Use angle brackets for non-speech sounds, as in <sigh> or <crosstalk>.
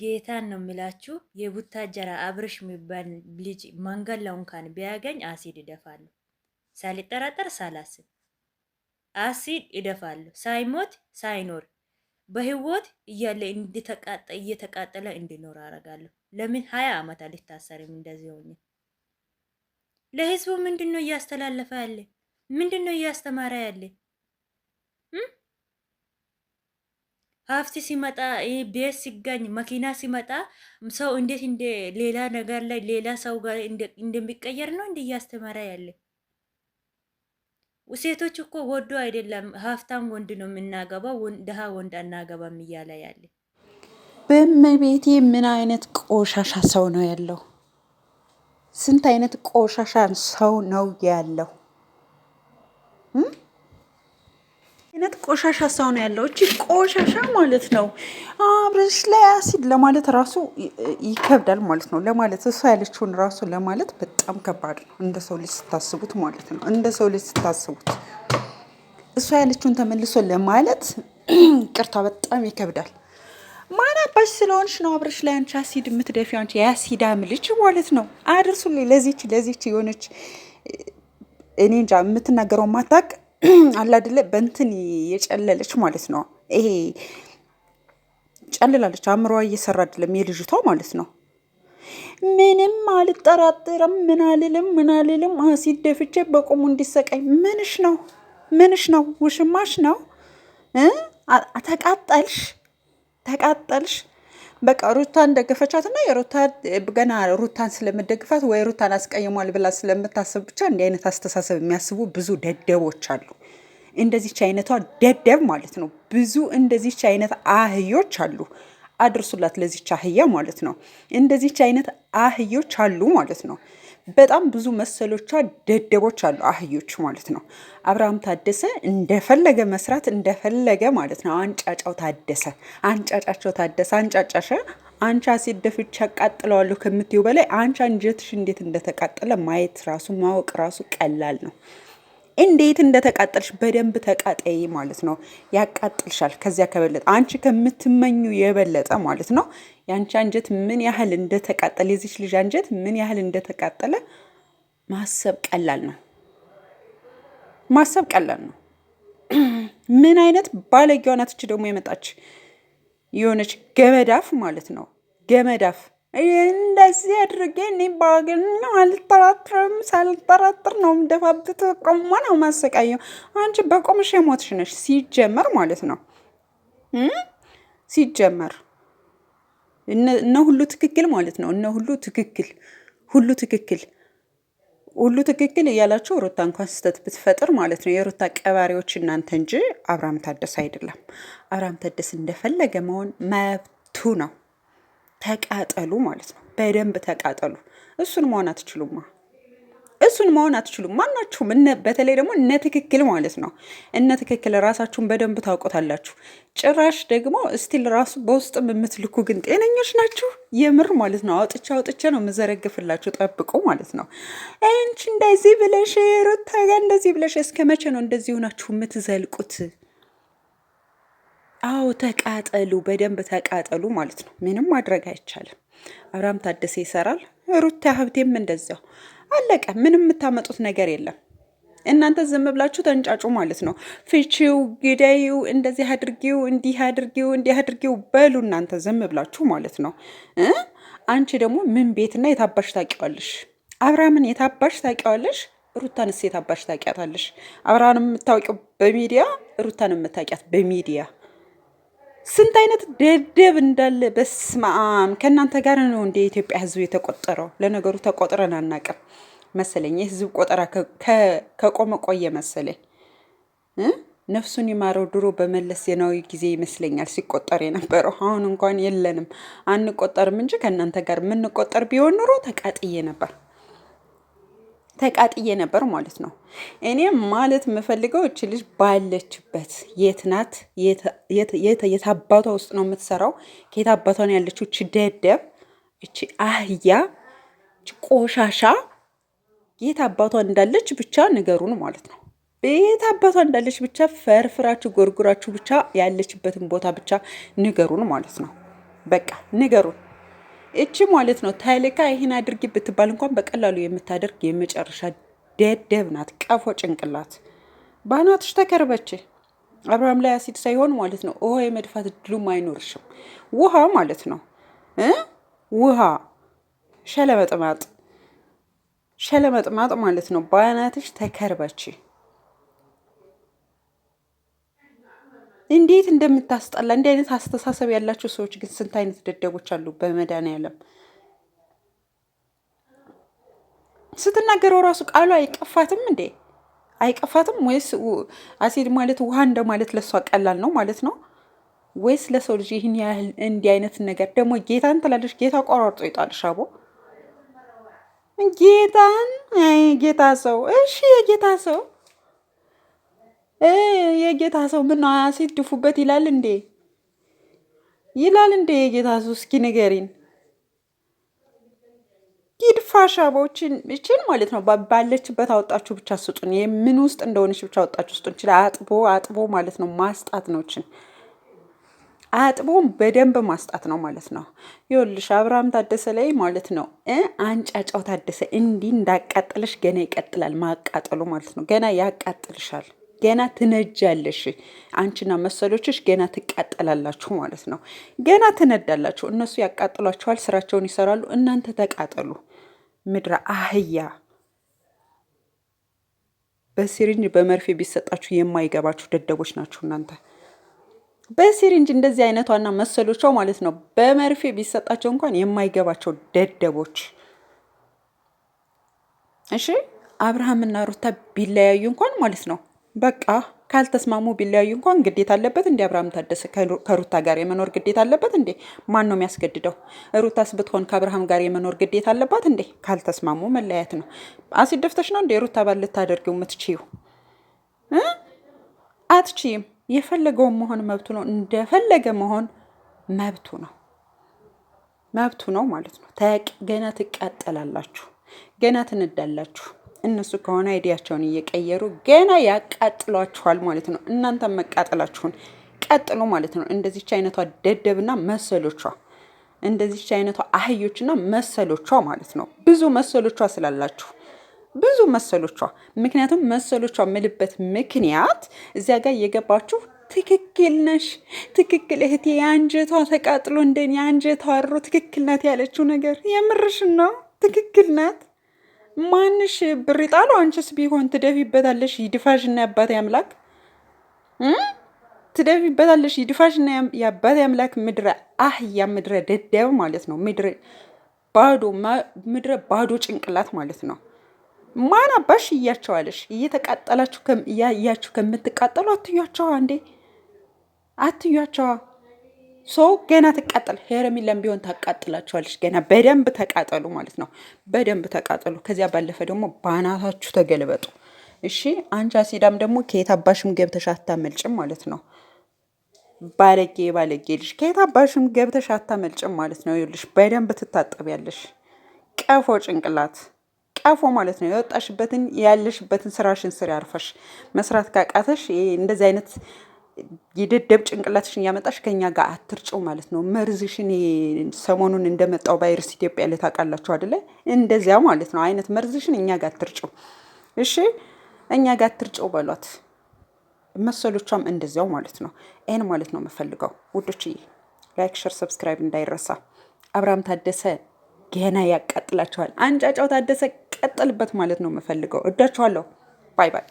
ጌታን ነው የሚላችሁ። የቡታጀራ አብርሽ የሚባል ልጅ መንገድ ላይ እንኳን ቢያገኝ አሲድ ይደፋሉ። ሳልጠራጠር ሳላስብ አሲድ ይደፋሉ። ሳይሞት ሳይኖር በህይወት እያለ እየተቃጠለ እንዲኖር አደርጋለሁ። ለምን ሀያ አመት አልታሰርም? እንደዚህ ሆኜ ለህዝቡ ምንድን ነው እያስተላለፈ ያለ? ምንድን ነው እያስተማረ ያለ? ሀብት ሲመጣ ቤት ሲገኝ መኪና ሲመጣ ሰው እንዴት እንደ ሌላ ነገር ላይ ሌላ ሰው ጋር እንደሚቀየር ነው እንደ እያስተማረ ያለ። ሴቶች እኮ ወዶ አይደለም ሀብታም ወንድ ነው የምናገባው፣ ድሃ ወንድ አናገባም እያለ ያለ። በእመቤቴ ምን አይነት ቆሻሻ ሰው ነው ያለው? ስንት አይነት ቆሻሻ ሰው ነው ያለው? አይነት ቆሻሻ ሰው ነው ያለው። እቺ ቆሻሻ ማለት ነው አብርሽ ላይ አሲድ ለማለት ራሱ ይከብዳል ማለት ነው። ለማለት እሷ ያለችውን ራሱ ለማለት በጣም ከባድ ነው፣ እንደ ሰው ልጅ ስታስቡት ማለት ነው። እንደ ሰው ልጅ ስታስቡት እሷ ያለችውን ተመልሶ ለማለት <clears throat> ቅርታ በጣም ይከብዳል። ማን አባሽ ስለሆንሽ ነው አብርሽ ላይ አንቺ አሲድ የምትደፊ? አንቺ የአሲዳም ልጅ ማለት ነው። አድርሱልኝ ለዚች ለዚች የሆነች እኔ እንጃ የምትናገረው ማታቅ አለ አይደለ በእንትን የጨለለች ማለት ነው። ይሄ ጨልላለች፣ አእምሮዋ እየሰራ አይደለም የልጅቷ ማለት ነው። ምንም አልጠራጠርም፣ ምን አልልም፣ ምን አልልም፣ አሲድ ደፍቼ በቁሙ እንዲሰቃይ። ምንሽ ነው? ምንሽ ነው? ውሽማሽ ነው። ተቃጠልሽ፣ ተቃጠልሽ በቃ ሩታን ደገፈቻት እና የሩታ ገና ሩታን ስለምደግፋት ወይ ሩታን አስቀይሟል ብላ ስለምታስብ ብቻ እንዲህ አይነት አስተሳሰብ የሚያስቡ ብዙ ደደቦች አሉ። እንደዚች አይነቷ ደደብ ማለት ነው። ብዙ እንደዚች አይነት አህዮች አሉ። አድርሱላት ለዚች አህያ ማለት ነው። እንደዚች አይነት አህዮች አሉ ማለት ነው። በጣም ብዙ መሰሎቿ ደደቦች አሉ፣ አህዮች ማለት ነው። አብርሃም ታደሰ እንደፈለገ መስራት እንደፈለገ ማለት ነው። አንጫጫው ታደሰ፣ አንጫጫቸው ታደሰ፣ አንጫጫሸ አንቻ ሲደፍች ደፍቼ ከምትዩ በላይ አንቻ እንጀትሽ እንዴት እንደተቃጠለ ማየት ራሱ ማወቅ ራሱ ቀላል ነው። እንዴት እንደተቃጠልሽ በደንብ ተቃጠይ ማለት ነው። ያቃጥልሻል። ከዚያ ከበለጠ አንቺ ከምትመኙ የበለጠ ማለት ነው ያንቺ አንጀት ምን ያህል እንደተቃጠለ የዚች ልጅ አንጀት ምን ያህል እንደተቃጠለ ማሰብ ቀላል ነው። ማሰብ ቀላል ነው። <clears throat> ምን አይነት ባለጌዋ ናትች ደግሞ የመጣች የሆነች ገመዳፍ ማለት ነው። ገመዳፍ እንደዚህ አድርጌ እኔ ባገኘ አልጠራጥርም፣ ሳልጠራጥር ነው ደፋብት ቆማ ነው ማሰቃየው። አንቺ በቆምሽ የሞትሽ ነሽ ሲጀመር ማለት ነው ሲጀመር እነ ሁሉ ትክክል ማለት ነው። እነ ሁሉ ትክክል ሁሉ ትክክል ሁሉ ትክክል እያላቸው ሩታ እንኳን ስህተት ብትፈጥር ማለት ነው የሩታ ቀባሪዎች እናንተ እንጂ አብርሃም ታደስ አይደለም። አብርሃም ታደስ እንደፈለገ መሆን መብቱ ነው። ተቃጠሉ ማለት ነው። በደንብ ተቃጠሉ። እሱን መሆን አትችሉማ። እሱን መሆን አትችሉም ማናችሁም። በተለይ ደግሞ እነ ትክክል ማለት ነው። እነ ትክክል ራሳችሁን በደንብ ታውቆታላችሁ። ጭራሽ ደግሞ ስቲል ራሱ በውስጥም የምትልኩ ግን ጤነኞች ናችሁ የምር ማለት ነው። አውጥቼ አውጥቼ ነው የምዘረግፍላችሁ። ጠብቁ ማለት ነው። አንቺ እንደዚህ ብለሽ ሩታ እንደዚህ ብለሽ እስከ መቼ ነው እንደዚህ ሆናችሁ የምትዘልቁት? አዎ ተቃጠሉ፣ በደንብ ተቃጠሉ ማለት ነው። ምንም ማድረግ አይቻልም። አብርሃም ታደሰ ይሰራል፣ ሩታ ሀብቴም እንደዚያው አለቀ። ምንም የምታመጡት ነገር የለም። እናንተ ዝም ብላችሁ ተንጫጩ ማለት ነው። ፍቺው፣ ግደይው፣ እንደዚህ አድርጊው፣ እንዲህ አድርጊው፣ እንዲህ አድርጊው በሉ እናንተ ዝም ብላችሁ ማለት ነው። አንቺ ደግሞ ምን ቤትና የታባሽ ታውቂዋለሽ? አብርሃምን የታባሽ ታውቂዋለሽ? ሩታንስ የታባሽ ታውቂያታለሽ? አብርሃን የምታውቂው በሚዲያ ሩታን የምታውቂያት በሚዲያ ስንት አይነት ደደብ እንዳለ በስመ አብ። ከእናንተ ጋር ነው እንደ ኢትዮጵያ ህዝብ የተቆጠረው። ለነገሩ ተቆጥረን አናውቅም። መሰለኝ። የህዝብ ቆጠራ ከቆመ ቆየ መሰለኝ። ነፍሱን ይማረው። ድሮ በመለስ ዜናዊ ጊዜ ይመስለኛል ሲቆጠር የነበረው። አሁን እንኳን የለንም አንቆጠርም እንጂ ከእናንተ ጋር የምንቆጠር ቢሆን ኑሮ ተቃጥዬ ነበር ተቃጥዬ ነበር ማለት ነው። እኔ ማለት የምፈልገው እች ልጅ ባለችበት የት ናት? የት አባቷ ውስጥ ነው የምትሰራው? ከየት አባቷ ነው ያለችው? እች ደደብ፣ እች አህያ፣ እች ቆሻሻ የት አባቷ እንዳለች ብቻ ንገሩን ማለት ነው። የት አባቷ እንዳለች ብቻ ፈርፍራችሁ ጎርጉራችሁ ብቻ ያለችበትን ቦታ ብቻ ንገሩን ማለት ነው። በቃ ንገሩን። እቺ ማለት ነው ተልካ ይህን አድርጊ ብትባል እንኳን በቀላሉ የምታደርግ የመጨረሻ ደደብ ናት። ቀፎ ጭንቅላት ባናትሽ ተከርበች አብርሃም ላይ አሲድ ሳይሆን ማለት ነው ውሃ የመድፋት ድሉም አይኖርሽም። ውሃ ማለት ነው ውሃ ሸለመጥማጥ ሸለመጥማጥ ማለት ነው። በአናትሽ ተከርበች እንዴት እንደምታስጠላ! እንዲህ አይነት አስተሳሰብ ያላቸው ሰዎች ግን ስንት አይነት ደደቦች አሉ በመድኃኒዓለም ስትናገረው ራሱ ቃሉ አይቀፋትም እንዴ? አይቀፋትም ወይስ አሲድ ማለት ውሃ እንደማለት ለሷ ቀላል ነው ማለት ነው? ወይስ ለሰው ልጅ ይህን ያህል እንዲህ አይነት ነገር ደግሞ ጌታን ትላለች። ጌታ ቆራርጦ ይጣልሽ አቦ ጌታን ጌታ ሰው እሺ የጌታ ሰው የጌታ ሰው ምን ምነው ድፉበት ይላል እንዴ? ይላል እንዴ? የጌታ ሰው እስኪ ንገሪን። ጊድፋሻቦችን እችን ማለት ነው ባለችበት አወጣችሁ ብቻ ስጡን። የምን ውስጥ እንደሆነች ብቻ አወጣችሁ ስጡን። አጥቦ አጥቦ ማለት ነው ማስጣት ነው እችን አጥቦም በደንብ ማስጣት ነው ማለት ነው። ይኸውልሽ አብርሃም ታደሰ ላይ ማለት ነው አንጫጫው ታደሰ እንዲህ እንዳቃጠለሽ ገና ይቀጥላል ማቃጠሉ ማለት ነው። ገና ያቃጥልሻል። ገና ትነጃለሽ። አንቺና መሰሎችሽ ገና ትቃጠላላችሁ ማለት ነው። ገና ትነዳላችሁ። እነሱ ያቃጥሏችኋል፣ ስራቸውን ይሰራሉ። እናንተ ተቃጠሉ። ምድረ አህያ በሲሪንጅ በመርፌ ቢሰጣችሁ የማይገባችሁ ደደቦች ናችሁ እናንተ። በሲሪንጅ እንደዚህ አይነቷና መሰሎቿ ማለት ነው በመርፌ ቢሰጣቸው እንኳን የማይገባቸው ደደቦች። እሺ አብርሃምና ሩታ ቢለያዩ እንኳን ማለት ነው በቃ ካልተስማሙ ቢለያዩ እንኳን ግዴታ አለበት እንዴ? አብርሃም ታደሰ ከሩታ ጋር የመኖር ግዴታ አለበት እንዴ? ማን ነው የሚያስገድደው? ሩታስ ብትሆን ከአብርሃም ጋር የመኖር ግዴታ አለባት እንዴ? ካልተስማሙ መለያየት ነው። አሲድ ደፍተሽ ነው እንዴ ሩታ ባል ልታደርጊው የምትችይው? አትችይም። የፈለገውን መሆን መብቱ ነው። እንደፈለገ መሆን መብቱ ነው መብቱ ነው ማለት ነው። ገና ትቃጠላላችሁ፣ ገና ትንዳላችሁ። እነሱ ከሆነ አይዲያቸውን እየቀየሩ ገና ያቃጥሏችኋል ማለት ነው። እናንተም መቃጠላችሁን ቀጥሎ ማለት ነው። እንደዚች አይነቷ ደደብና መሰሎቿ እንደዚች አይነቷ አህዮችና መሰሎቿ ማለት ነው። ብዙ መሰሎቿ ስላላችሁ ብዙ መሰሎቿ። ምክንያቱም መሰሎቿ ምልበት ምክንያት እዚያ ጋር እየገባችሁ ትክክል ነሽ፣ ትክክል እህቴ፣ የአንጀቷ ተቃጥሎ እንደኔ የአንጀቷ አሮ ትክክል ናት ያለችው ነገር የምርሽን ነው። ትክክል ናት። ማንሽ ብር ጣሉ፣ አንቺስ ቢሆን ትደፊበታለሽ። ይድፋሽና ያባት አምላክ ትደፊበታለሽ። ይድፋሽና ያባት አምላክ። ምድረ አህያ፣ ምድረ ደደብ ማለት ነው። ምድረ ባዶ፣ ምድረ ባዶ ጭንቅላት ማለት ነው። ማን አባሽ እያቸዋለሽ? እየተቃጠላችሁ እያያችሁ ከምትቃጠሉ አትያቸዋ እንዴ አትያቸዋ። ሰው ገና ትቃጠል ሄረሚላም ቢሆን ታቃጥላችኋለች። ገና በደንብ ተቃጠሉ ማለት ነው። በደንብ ተቃጠሉ። ከዚያ ባለፈ ደግሞ በአናታችሁ ተገልበጡ። እሺ አንቺ አሲዳም ደግሞ ከየት አባሽም ገብተሽ አታመልጭም ማለት ነው። ባለጌ ባለጌ ልሽ ከየት አባሽም ገብተሽ አታመልጭም ማለት ነው። ይኸውልሽ በደንብ ትታጠቢያለሽ። ቀፎ ጭንቅላት ጫፎ ማለት ነው። የወጣሽበትን ያለሽበትን ስራሽን ስሪ አርፈሽ። መስራት ካቃተሽ እንደዚህ አይነት የደደብ ጭንቅላትሽን እያመጣሽ ከኛ ጋር አትርጭው ማለት ነው። መርዝሽን ሰሞኑን እንደመጣው ቫይረስ ኢትዮጵያ ላይ ታውቃላችሁ አይደለ? እንደዚያ ማለት ነው አይነት መርዝሽን እኛ ጋር አትርጭው። እሺ እኛ ጋር አትርጭው በሏት። መሰሎቿም እንደዚያው ማለት ነው። ይህን ማለት ነው የምፈልገው ውዶችዬ። ላይክ፣ ሸር፣ ሰብስክራይብ እንዳይረሳ። አብርሃም ታደሰ ገና ያቃጥላቸዋል። አንጫጫው ታደሰ ቀጥልበት ማለት ነው የምፈልገው። እዳችኋለሁ። ባይ ባይ።